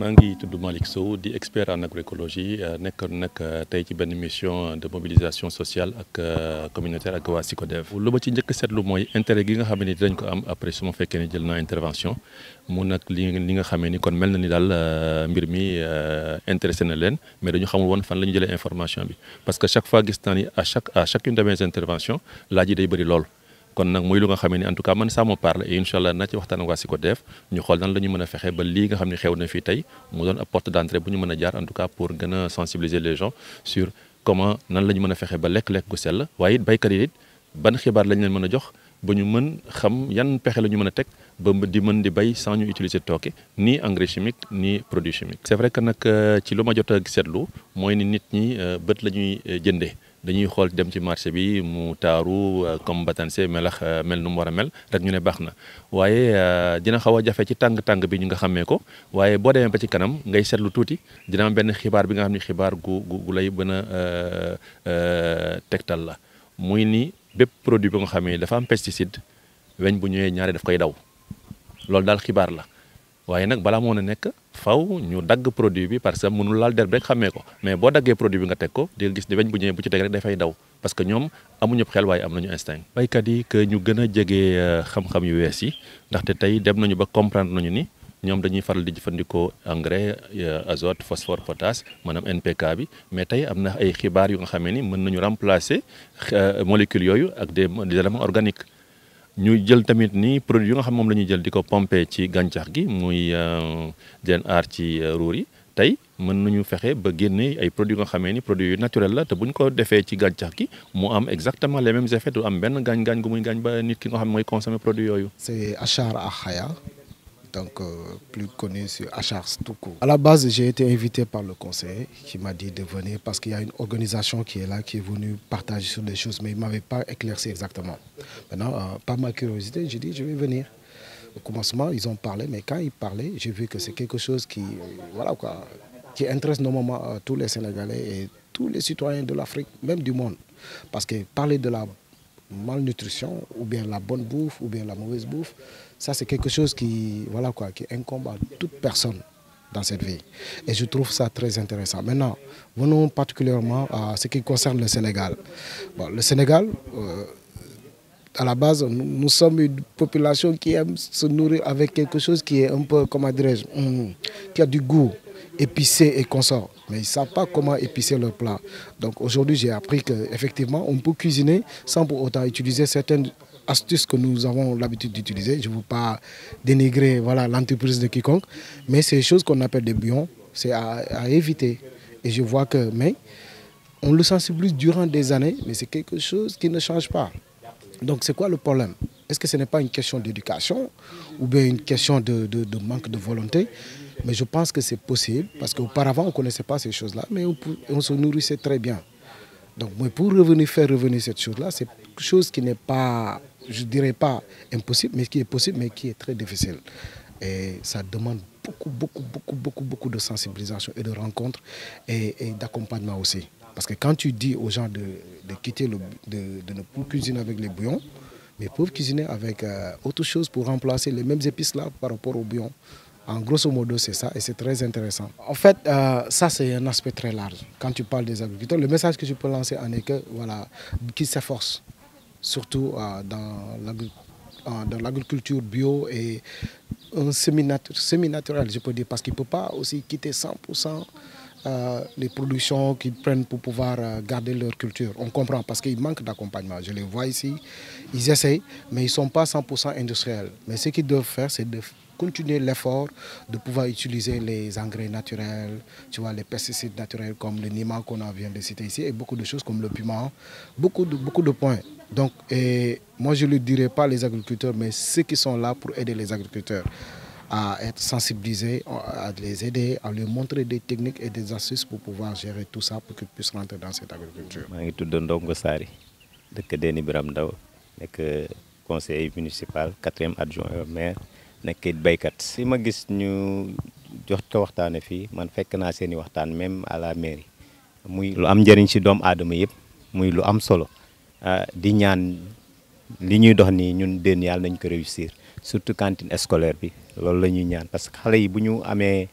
maa ngi tudd Malick Sow di expert en agroécologie euh, nek nag euh, tay ci ben mission de mobilisation sociale ak euh, communautaire ak waa SICODEV. lu ba ci njëkk seetlu moy intérêt gi nga xamé ni dañ ko am après su ma fekkee jël na intervention mu nak li nga xamé ni kon mel na ni dal mbir mi intéressé na leen mais dañu xamul won fan lañu ñu information bi parce que chaque fois gis ni à chaque à chacune de mes interventions la yi day bari lool. kon nag muy lu nga xamee ni en tout cas man ça me parle na ci waxtaan ak waa SICODEF ñu xool nan la mën a fexe ba lii nga xam ne xew na fii tey mu doon ab porte d'entrée bu ñu mën a jaar en tout cas pour gën sensibiliser les sur comment nan la ñu mën a fexe ba lekk-lekk gu sell waaye it baykat yi ban xibaar lañ leen mën a jox ba ñu mën xam yan pexe la ñu mën a teg ba di mën di bay sans ñu utiliser tooke ni engrais chimique nii produit chimique. c'est vrai que nag euh, ci lu ma jot a seetlu mooy ni nit ñi euh, bët la ñuy euh, jëndee. dañuy xool dem ci marché bi mu taaru euh, comme batanse melax euh, mel nu mu war a mel rek ñu ne baax na waaye euh, dina xaw a jafe ci tàng-tàng bi ñu nga xamee ko waaye boo demee ba ci kanam ngay seetlu tuuti dina benn xibaar bi nga xam ne xibaar gu gu lay bën a tegtal la muy nii bépp produit bi nga xamee dafa am pesticide weñ bu ñëwee ñaare daf koy daw loolu daal xibaar la waaye nag balaa moo na nekk faw ñu dag produit bi parce que mënul laal der bi rek xamee ko mais bo daggee produit bi nga teg ko di gis ni bañ bu ñëw bu ci teg rek day fay daw parce que ñoom amuñu xel way am nañu instinct kat yi que ñu gëna jëgé euh, xam-xam yu wees yi té tay dem nañu ba comprendre nañu ni ñom dañuy faral di jëfëndiko engrais euh, azote phosphore potasse manam NPK bi mais tay amna ay xibaar yu nga xamé ni mën nañu remplacer euh, molécule yoyu ak des éléments organiques ñu jël tamit ni produit yu nga xam moom la jël di ko ci gàncax gi muy den euh, aar ci euh, ruur yi mën nañu fexe ba génne ay produits nga xamee ni produit yu naturel la te bu ko defee ci gàncax gi mu am exactement les mêmes effets du am ben gaañ-gaañ gu muy gaañ ba nit ki nga xam mooy consommer produit c'est achar tant que plus connu sur Achars tout À la base, j'ai été invité par le conseil qui m'a dit de venir parce qu'il y a une organisation qui est là, qui est venue partager sur des choses, mais il ne m'avait pas éclairci exactement. Maintenant, euh, par ma curiosité, j'ai dit je vais venir. Au commencement, ils ont parlé, mais quand ils parlaient, j'ai vu que c'est quelque chose qui, euh, voilà quoi, qui intéresse normalement euh, tous les Sénégalais et tous les citoyens de l'Afrique, même du monde. Parce que parler de l'arbre malnutrition, ou bien la bonne bouffe, ou bien la mauvaise bouffe, ça c'est quelque chose qui, voilà quoi, qui incombe à toute personne dans cette vie. Et je trouve ça très intéressant. Maintenant, venons particulièrement à ce qui concerne le Sénégal. le Sénégal, euh, à la base, nous, sommes une population qui aime se nourrir avec quelque chose qui est un peu, comment dirais hmm, qui a du goût épicer et consorts. Mais ils ne savent pas comment épicer leur plat. Donc aujourd'hui, j'ai appris qu'effectivement, on peut cuisiner sans pour autant utiliser certaines astuces que nous avons l'habitude d'utiliser. Je ne veux pas dénigrer l'entreprise de quiconque, mais ces choses qu'on appelle des bouillons, c'est à, éviter. Et je vois que, mais on le sensibilise durant des années, mais c'est quelque chose qui ne change pas. Donc c'est quoi le problème Est-ce que ce n'est pas une question d'éducation ou bien une question de manque de volonté mais je pense que c'est possible, parce qu'auparavant, on ne connaissait pas ces choses-là, mais on, se nourrissait très bien. Donc, pour revenir, faire revenir cette chose-là, c'est quelque chose qui n'est pas, je dirais pas impossible, mais qui est possible, mais qui est très difficile. Et ça demande beaucoup, beaucoup, beaucoup, beaucoup, beaucoup de sensibilisation et de rencontres et, d'accompagnement aussi. Parce que quand tu dis aux gens de, quitter, le, de, ne plus cuisiner avec les bouillons, mais peuvent cuisiner avec euh, autre chose pour remplacer les mêmes épices là par rapport aux bouillons, en grosso modo, c'est ça et c'est très intéressant. En fait, euh, ça, c'est un aspect très large. Quand tu parles des agriculteurs, le message que je peux lancer en est que, voilà, qu'ils s'efforcent, surtout euh, euh, dans l'agriculture bio et semi-naturel, je peux dire, parce qu'ils ne peuvent pas aussi quitter 100% les productions qu'ils prennent pour pouvoir garder leur culture. On comprend parce qu'ils manquent d'accompagnement. Je les vois ici, ils essayent, mais ils ne sont pas 100% industriels. Mais ce qu'ils doivent faire, c'est de continuer l'effort de pouvoir utiliser les engrais naturels, tu vois, les pesticides naturels comme le nima qu'on vient de citer ici et beaucoup de choses comme le piment, beaucoup de, beaucoup de points. Donc, moi je ne le dirai pas les agriculteurs, mais ceux qui sont là pour aider les agriculteurs à être sensibilisés, à les aider, à leur montrer des techniques et des astuces pour pouvoir gérer tout ça pour qu'ils puissent rentrer dans cette agriculture. Je suis conseiller municipal, quatrième adjoint au maire. nekkit baykat si ma gis ñu jox ta waxtane fi man fekk na seeni i même à la mairie muy lu am njëriñ ci doomu adama yeb muy lu am solo ah, di ñaan li ñuy dox ni ñun den yalla nañ ko réussir surtout cantine scolaire bi loolu lañuy ñaan parce que xalé yi bu ñu amee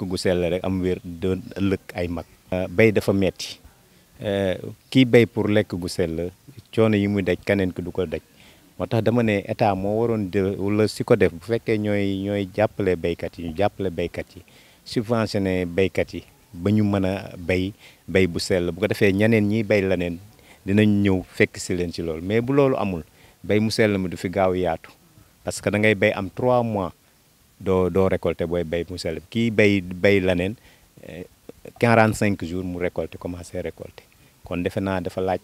gu sel rek am wër de leuk ay mag ah, bay dafa metti eh, ki bay pour lek gu sel choona yi muy daj kanen ko du daj moo tax dama ne état moo waroon de wala si ko def bu fekkee ñooy ñooy jàppale baykat yi ñu jàppale béykat yi ne baykat yi ba ñu mën a bay bay bu sell bu ko defee ñeneen ñiy béy leneen dinañ ñëw fekk si leen ci loolu mais bu loolu amul béy mu sell mi du fi gaaw yaatu parce que da ngay béy am trois mois doo doo récolter booy bay mu sell kii bay béy leneen eh, quarante cinq jours mu récolter commencé récolter kon defe naa dafa laaj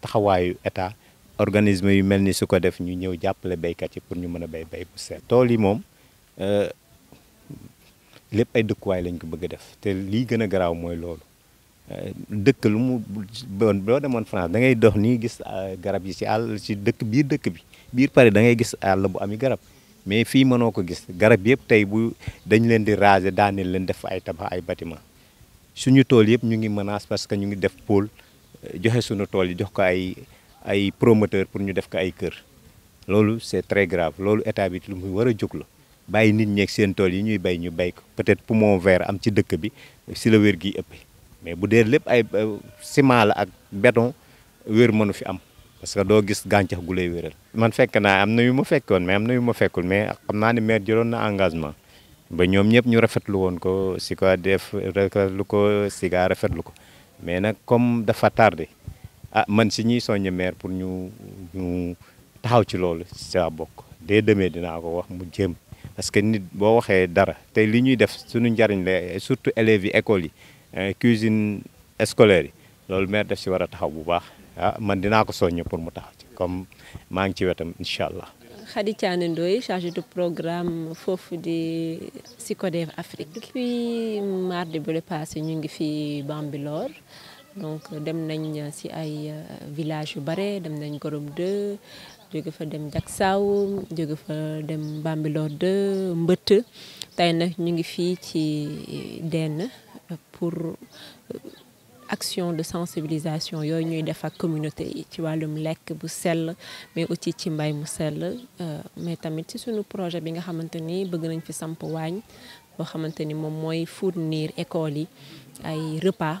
taxawaayu état organisme yu mel ni su ko def ñu ñëw jàppale béykat yi pour ñu mën a béy béy bu set. tool yi moom euh, lépp ay dëkkuwaay lañ ko bëgg a def te lii gën a garaaw mooy loolu euh, dëkk lu mu bon loo demoon France da ngay dox nii gis euh, garab yi si àll si dëkk biir dëkk bi biir Paris da ngay gis àll bu ami garab mais fii mënoo ko gis garab yëpp tey bu dañ leen di raser daaneel leen def ay tabax ay bâtiment suñu tool yëpp ñu ngi menace parce que ñu ngi def pôle joxe suñu tool yi jox ay promoteur pour ñu def ko ay kër loolu c'est très grave loolu état bi lu muy war a jóg la bàyyi nit ñeek seen tool yi ñuy bay ñu bay ko peut-être poumon vert am ci dëkk bi si la wér gi ëpp mais bu dee lépp ay euh, ciment la ak beton wér mënu fi am parce que doo gis gàncax gu lay wéral man fekk naa am na yu ma fekkoon mais am na yu ma fekkul mais xam naa ne maire jëloon na engagement ba ñoom ñëpp ñu rafetlu woon ko si ko def rafetlu ko si rafetlu ko mais nag comme dafa tardé. ah man si ñuy soññ maire pour ñu taxaw ci loolu sa bokk dès demee dinaa ko wax mu jéem parce que nit boo waxee dara tey li ñuy def suñu njariñ la surtout élèves yi école yi eh, cuisine scolaire yi loolu maire def si war a taxaw bu baax ah, man dinaa ko soññ pour mu taxaw ci comme maa ngi ci wetam incha allah. Khady Thiané Ndoye chargée de programme foofu di Sikodev Afrique. depuis mardi bu le passé ñu ngi fi Bambilor. donc dem nañ ci ay euh, village yu bare dem nañ Gorom 2 fa dem fa dem Bambilor 2 mbeut ñu ngi fi ci euh, pour euh, action de sensibilisation yoy ñuy def ak communauté yi ci walum lek bu sel mais aussi ci mbay mu mais tamit ci projet bi nga xamanteni bëgg nañ fi samp fournir école yi repas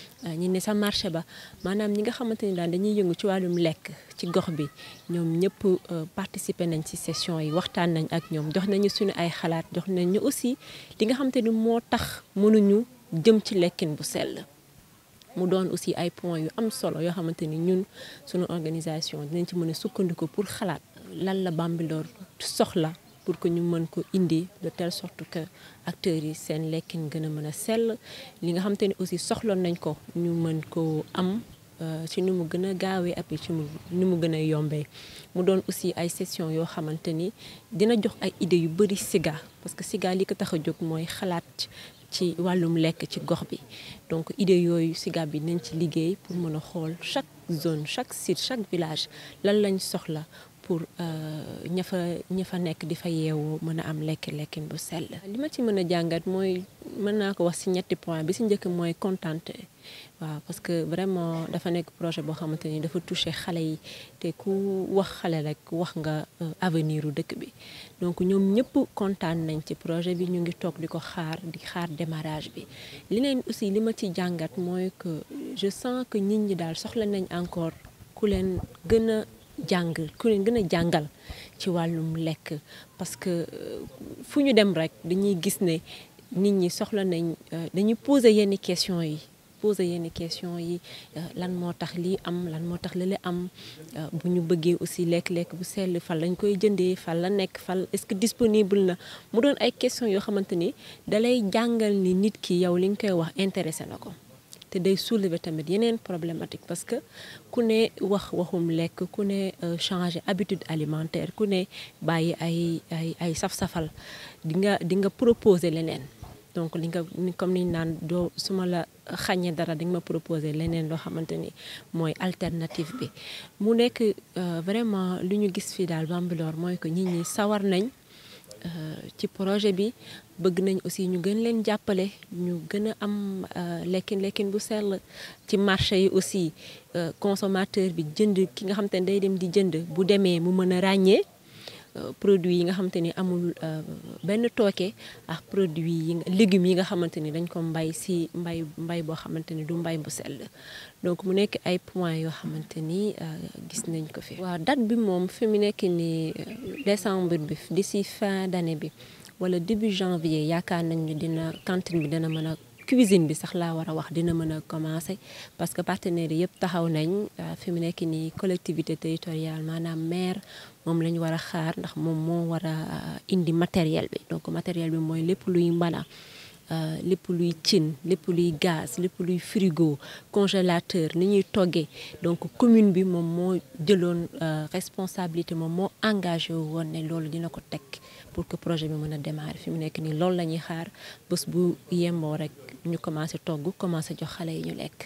Euh, ñi ne sa marché ba maanaam ñi nga xamante ni daal dañuy yëngu ci wàllum lekk ci gox bi ñoom ñëpp euh, participer nañ ci session yi waxtaan nañ ak ñoom jox nañu suñu ay xalaat jox nañu aussi li nga xamante ni moo tax mënuñu jëm ci lekkin bu sell mu doon aussi ay points yu am solo yoo xamante ni ñun suñu organisation dinañ ci mën a sukkandiku pour xalaat lan la Bambilor soxla pour que ñu mën ko indi de telle sorte que acteurs yi seen lekkin gëna mëna sel li nga xam aussi soxlon nañ ko ñu mën ko am euh, ci ni mu gëna a gaawee ak ci mu ni mu gëna yombé mu doon aussi ay session yo xamanteni dina jox ay idée yu bari siga parce que siga li ko tax a jóg xalaat ci walum lekk ci gox bi donc idée yoyu siga bi nañ ci liggéey pour mëna xol chaque zone chaque site chaque village lan lañ soxla pour euh, ña fa ña fa nekk di fa yeewoo mën a am lekk-lekkin bu sell. li ma ci mën a jàngat mooy mën naa ko wax ci ñetti point bi si njëkk mooy kontante waaw parce que vraiment dafa nekk projet boo xamante ni dafa toucher xale yi te ku wax xale rek wax nga euh, avenir dëkk bi donc ñoom ñëpp kontaan nañ ci projet bi ñu ngi toog di ko xaar di xaar démarrage bi leneen aussi li ma ci jàngat mooy que je sens que nit ñi daal soxla nañ encore ku leen gën jàng ku leen gën a jàngal ci wàllum lekk parce que euh, fu ñu dem rek dañuy gis ne nit ñi soxla nañ euh, dañuy poser yenn question yi poser yenn question yi euh, lan moo tax lii am lan moo tax lële am bu ñu bëggee aussi lekk-lekk bu sell fan lañ koy jëndee fan la nekk fan est-ce que disponible na mu doon ay question yoo xamante ni dalay jàngal ni nit ki yow li nga koy wax intéressé na ko te day soulever tamit yeneen problématique parce que ku ne wax waxum lekk ku ne euh, changer habitude alimentaire ku ne bàyyi ay ay ay saf-safal di nga di nga proposer leneen donc li nga comme niñ naan doo su ma la xàññee dara di nga ma proposer leneen loo xamante ni mooy alternative bi mu nekk euh, vraiment li ñu gis fii daal Bambilor mooy que nit ñi sawar nañ euh, ci projet bi bëgg nañ aussi ñu gën leen jàppale ñu gën a am euh, lekkin lekkin bu sell ci marché yi aussi euh, consommateur bi jënd ki nga xam te day dem di jënd bu demee mu mën a ràññee euh, produit yi nga xamante ni amul benn tooke ak produit yi légumes yi nga xamante ni dañ ko mbay si mbay mbay boo xamante ni du mbay bu sell donc mu nekk ay point yoo xamante ni gis nañ ko fi. waaw date bi moom fi mu nekk ni décembre bi di d'ici fin d'année bi. wala début janvier yaakaar nañ ñu dina cantine bi dina mën a cuisine bi sax laa war a wax dina mën a commencer parce que partenaires yëpp taxaw nañ euh, fi mu nekk nii collectivité territoriale maanaam maire moom la ñu war a xaar ndax moom moo war a euh, indi matériel bi donc matériel bi mooy lépp luy mbana Euh, lépp luy cin lépp luy gaz lépp luy frigo congélateur ni ñuy toggee donc commune bi moom moo jëloon euh, responsabilité moom moo engagé wu woon ne loolu dina ko teg pour que projet bi mën a démarrer fi mu nekk nii loolu la ñuy xaar bés bu yemboo rek ñu commencé togg commencé jox xale yi ñu lekk.